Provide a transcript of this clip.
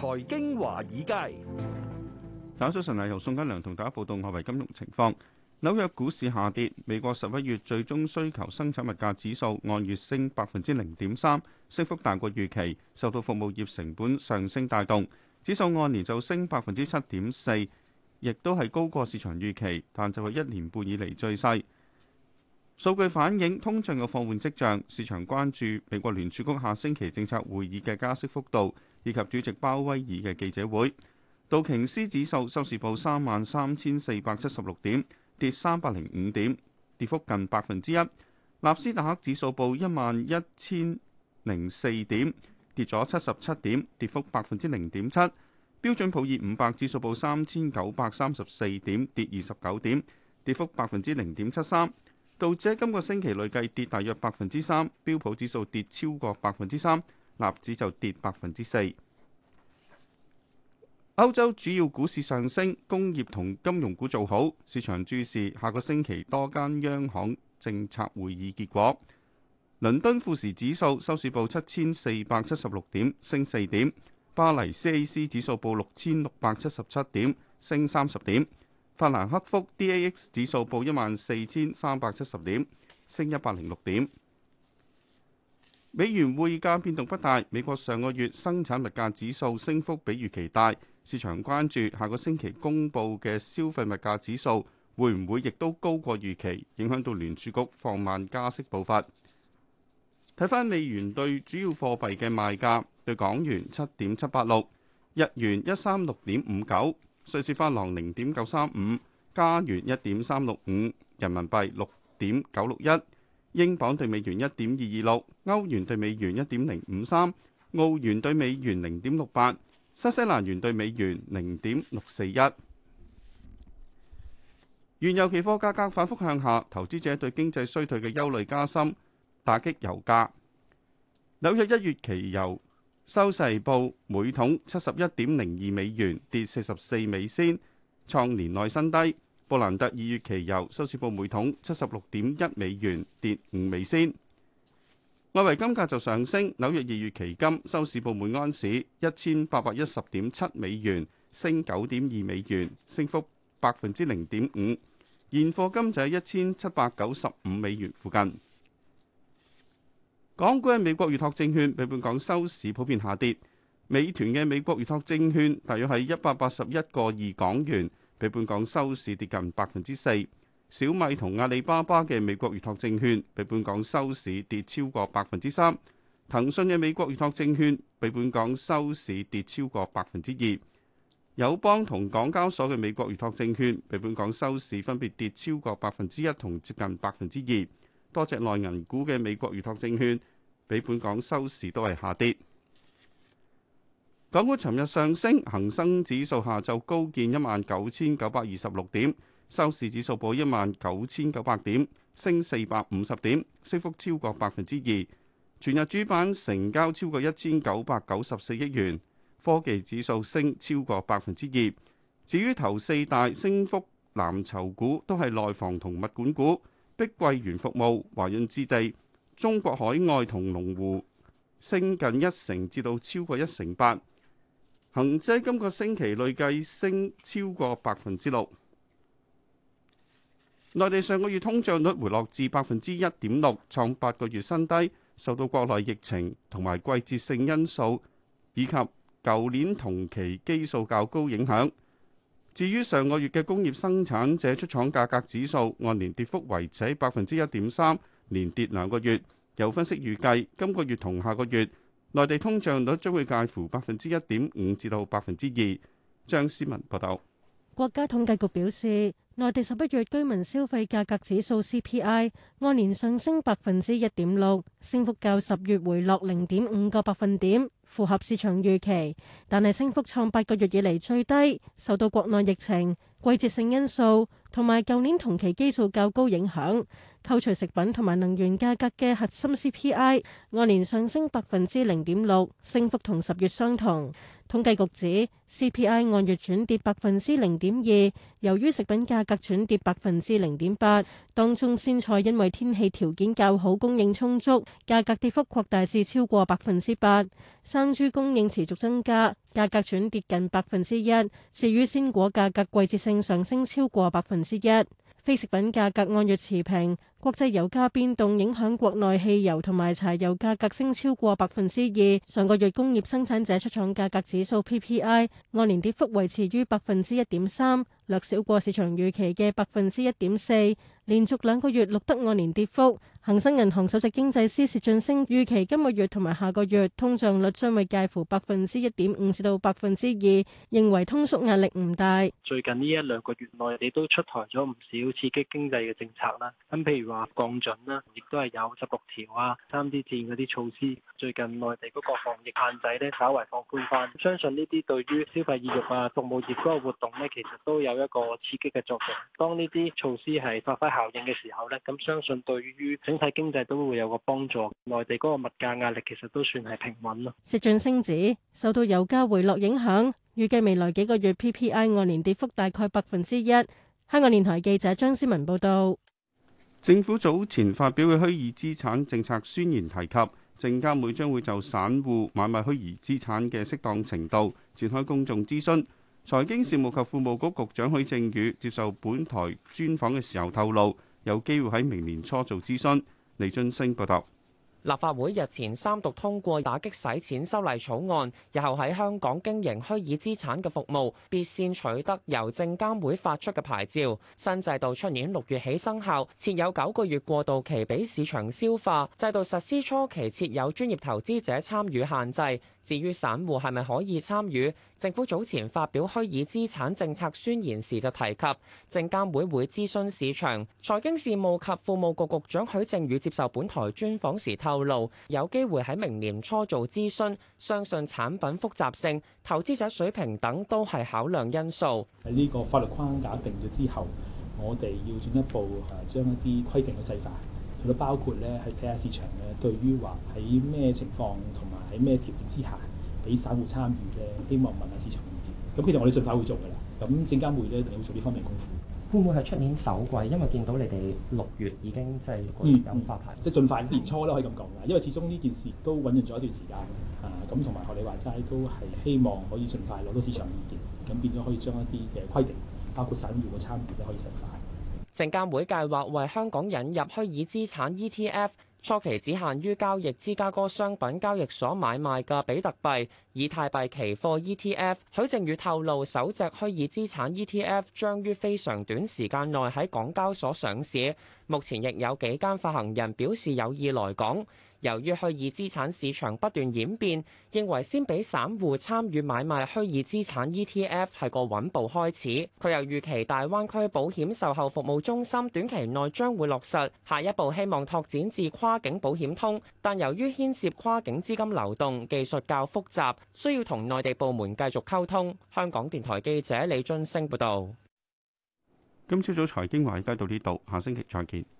財經華爾街，大家早晨，由宋家良同大家報道外圍金融情況。紐約股市下跌，美國十一月最終需求生產物價指數按月升百分之零點三，升幅大過預期，受到服務業成本上升帶動，指數按年就升百分之七點四，亦都係高過市場預期，但就係一年半以嚟最細。數據反映通脹嘅放緩跡象，市場關注美國聯儲局下星期政策會議嘅加息幅度，以及主席鮑威爾嘅記者會。道瓊斯指數收市報三萬三千四百七十六點，跌三百零五點，跌幅近百分之一。納斯達克指數報一萬一千零四點，跌咗七十七點，跌幅百分之零點七。標準普爾五百指數報三千九百三十四點，跌二十九點，跌幅百分之零點七三。道指今個星期累計跌大約百分之三，標普指數跌超過百分之三，納指就跌百分之四。歐洲主要股市上升，工業同金融股做好。市場注視下個星期多間央行政策會議結果。倫敦富時指數收市報七千四百七十六點，升四點；巴黎 CAC 指數報六千六百七十七點，升三十點。法蘭克福 DAX 指數報一萬四千三百七十點，升一百零六點。美元匯價變動不大。美國上個月生產物價指數升幅比預期大，市場關注下個星期公布嘅消費物價指數會唔會亦都高過預期，影響到聯儲局放慢加息步伐。睇返美元對主要貨幣嘅賣價，對港元七點七八六，日元一三六點五九。瑞士法郎零點九三五，加元一點三六五，人民幣六點九六一，英鎊兌美元一點二二六，歐元兌美元一點零五三，澳元兌美元零點六八，新西蘭元兌美元零點六四一。原油期貨價格反覆向下，投資者對經濟衰退嘅憂慮加深，打擊油價。紐約一月期油。收市報每桶七十一點零二美元，跌四十四美仙，創年內新低。布蘭特二月期油收市報每桶七十六點一美元，跌五美仙。外圍金價就上升，紐約二月期金收市報每安士一千八百一十點七美元，升九點二美元，升幅百分之零點五。現貨金就喺一千七百九十五美元附近。港股嘅美國預託證券，比本港收市普遍下跌。美團嘅美國預託證券，大約係一百八十一個二港元，比本港收市跌近百分之四。小米同阿里巴巴嘅美國預託證券，比本港收市跌超過百分之三。騰訊嘅美國預託證券，比本港收市跌超過百分之二。友邦同港交所嘅美國預託證券，比本港收市分別跌超過百分之一同接近百分之二。多隻內銀股嘅美國預託證券，比本港收市都係下跌。港股尋日上升，恒生指數下晝高見一萬九千九百二十六點，收市指數報一萬九千九百點，升四百五十點，升幅超過百分之二。全日主板成交超過一千九百九十四億元，科技指數升超過百分之二。至於頭四大升幅藍籌股，都係內房同物管股。碧桂園服務、華潤置地、中國海外同龍湖升近一成，至到超過一成八。恒指今個星期累計升超過百分之六。內地上個月通脹率回落至百分之一點六，創八個月新低，受到國內疫情同埋季節性因素以及舊年同期基數較高影響。至於上個月嘅工業生產者出廠價格指數，按年跌幅維持喺百分之一點三，連跌兩個月。有分析預計今個月同下個月，內地通脹率將會介乎百分之一點五至到百分之二。張詩文報道，國家統計局表示，內地十一月居民消費價格指數 CPI 按年上升百分之一點六，升幅較十月回落零點五個百分點。符合市場預期，但係升幅創八個月以嚟最低，受到國內疫情、季節性因素同埋舊年同期基數較高影響。扣除食品同埋能源價格嘅核心 CPI 按年上升百分之零點六，升幅同十月相同。統計局指 CPI 按月轉跌百分之零點二，由於食品價格轉跌百分之零點八，當中鮮菜因為天氣條件較好，供應充足，價格跌幅擴大至超過百分之八。生豬供應持續增加，價格轉跌近百分之一，至於鮮果價格季節性上升超過百分之一。非食品價格按月持平，國際油價變動影響國內汽油同埋柴油價格升超過百分之二。上個月工業生產者出廠價格指數 PPI 按年跌幅維持於百分之一點三，略少過市場預期嘅百分之一點四，連續兩個月錄得按年跌幅。恒生銀行首席經濟師薛俊升預期今個月同埋下個月通脹率將會介乎百分之一點五至到百分之二，認為通縮壓力唔大。最近呢一兩個月內地都出台咗唔少刺激經濟嘅政策啦，咁譬如話降準啦，亦都係有十六條啊、三 D 箭嗰啲措施。最近內地嗰個防疫限制咧，稍微放寬翻，相信呢啲對於消費意欲啊、服務業嗰個活動咧，其實都有一個刺激嘅作用。當呢啲措施係發揮效應嘅時候咧，咁相信對於整經濟都會有個幫助，內地嗰個物價壓力其實都算係平穩咯。石俊升指受到油價回落影響，預計未來幾個月 PPI 按年跌幅大概百分之一。香港電台記者張思文報道。政府早前發表嘅虛擬資產政策宣言提及，證監會將會就散戶買賣虛擬資產嘅適當程度展開公眾諮詢。財經事務及庫務局局，局長許正宇接受本台專訪嘅時候透露。有機會喺明年初做諮詢。李俊升報道。立法會日前三讀通過打擊洗錢修例草案，日後喺香港經營虛擬資產嘅服務，必先取得由證監會發出嘅牌照。新制度出年六月起生效，設有九個月過渡期俾市場消化。制度實施初期設有專業投資者參與限制，至於散戶係咪可以參與？政府早前發表虛擬資產政策宣言時就提及，證監會會諮詢市場。財經事務及庫務局局長許正宇接受本台專訪時透。透露有機會喺明年初做諮詢，相信產品複雜性、投資者水平等都係考量因素。喺呢個法律框架定咗之後，我哋要進一步誒將一啲規定嘅細化，除咗包括咧喺睇下市場咧對於話喺咩情況同埋喺咩條件之下俾散戶參與嘅，希望問下市場意見。咁其實我哋盡快會做㗎啦。咁證監會咧定會做呢方面功夫。會唔會係出年首季？因為見到你哋六月已經即係有發牌，即係、嗯嗯就係、盡快年初都可以咁講啦。因為始終呢件事都揾完咗一段時間啊，咁同埋學你話齋都係希望可以盡快攞到市場意見，咁變咗可以將一啲嘅規定，包括散戶嘅參與都可以實快。證監會計劃為香港引入虛擬資產 ETF。初期只限於交易芝加哥商品交易所買賣嘅比特幣、以太幣期貨 ETF。許正宇透露，首隻虛擬資產 ETF 將於非常短時間內喺港交所上市。目前亦有幾間發行人表示有意來港。由於虛擬資產市場不斷演變，認為先俾散戶參與買賣虛擬資產 ETF 係個穩步開始。佢又預期大灣區保險售後服務中心短期內將會落實，下一步希望拓展至跨境保險通。但由於牽涉跨境資金流動，技術較複雜，需要同內地部門繼續溝通。香港電台記者李津升報導。今朝早財經華爾街到呢度，下星期再見。